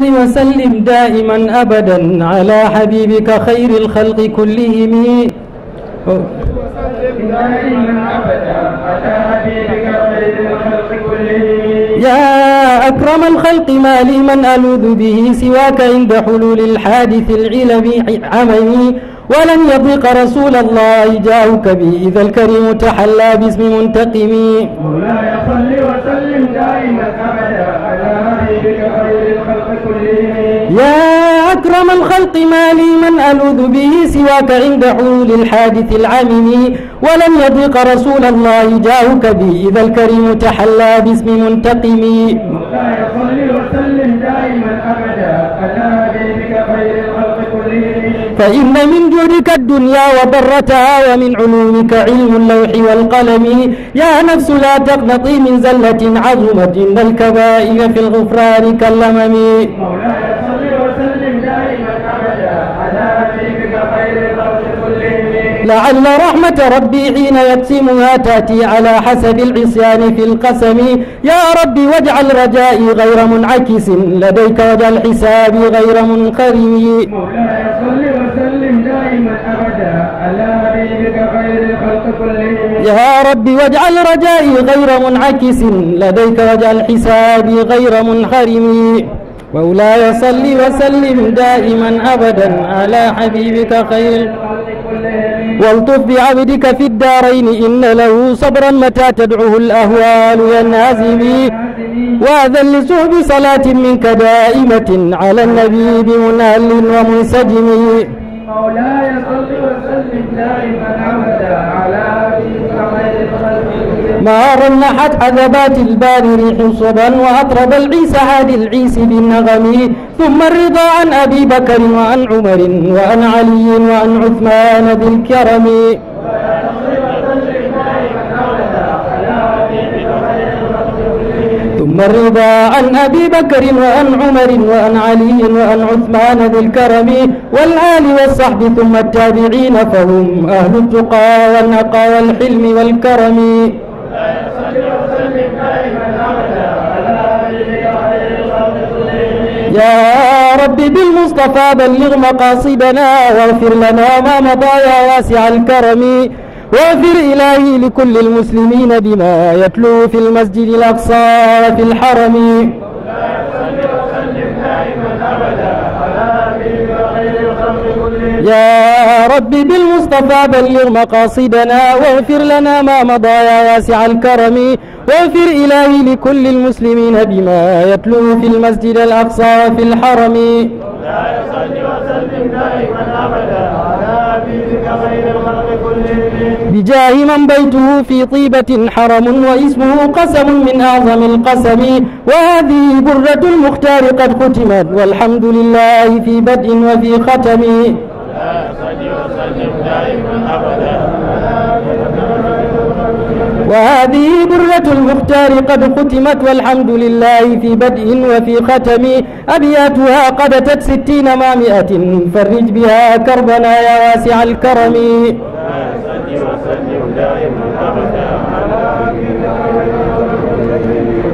وسلم دائما أبدا على حبيبك خير الخلق كلهم يا أكرم الخلق ما لي من ألوذ به سواك عند حلول الحادث العلم عمي ولن يضيق رسول الله جاءك بي إذا الكريم تحلى باسم منتقم مولاي صل وسلم دائما أبدا على حبيبك خير الخلق يا أكرم الخلق ما لي من ألوذ به سواك عند حلول الحادث العميم ولم يضيق رسول الله جاهك بي إذا الكريم تحلى باسم منتقم فإن من جودك الدنيا وضرتها ومن علومك علم اللوح والقلم يا نفس لا تقنطي من زلة عظمت إن الكبائر في الغفران كاللمم مولاي لعل رحمة ربي حين يقسمها تأتي على حسب العصيان في القسم يا ربي واجعل رجائي غير منعكس لديك وجعل حسابي غير منقرم يا رب واجعل رجائي غير منعكس لديك واجعل حسابي غير منحرم مولاي صل وسلم دائما أبدا على حبيبك خير والطف بعبدك في الدارين إن له صبرا متى تدعوه الأهوال ينهزم واذل لسوء بصلاة منك دائمة على النبي بمنهل ومنسجم مولاي صل وسلم دائما ابدا على ما رنحت عذبات البال ريح صبا واطرب العيس هادي العيس بالنغم ثم الرضا عن ابي بكر وعن عمر وعن علي وعن عثمان بالكرم الكرم ثم الرضا عن أبي بكر وعن عمر وعن علي وعن عثمان ذي الكرم والآل والصحب ثم التابعين فهم أهل التقى والنقى والحلم والكرم يا رب بالمصطفى بلغ مقاصدنا واغفر لنا ما مضى يا واسع الكرم واغفر إلهي لكل المسلمين بما يتلو في المسجد الأقصى وفي الحرم يا رب بالمصطفى بلغ مقاصدنا واغفر لنا ما مضى يا واسع الكرم واغفر إلهي لكل المسلمين بما يتلو في المسجد الأقصى وفي الحرم بجاه من بيته في طيبة حرم واسمه قسم من أعظم القسم وهذه برة المختار قد ختمت والحمد لله في بدء وفي ختم وهذه برة المختار قد ختمت والحمد لله في بدء وفي ختم أبياتها قد أتت ستين مع فرج بها كربنا يا واسع الكرم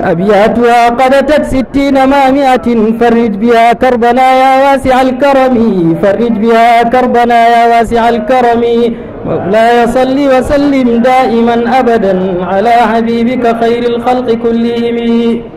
أبياتها قد أتت ستين ما مائة فرج بها كربنا يا واسع الكرم فرج بها كربنا يا واسع الكرم مولاي صل وسلم دائما أبدا على حبيبك خير الخلق كلهم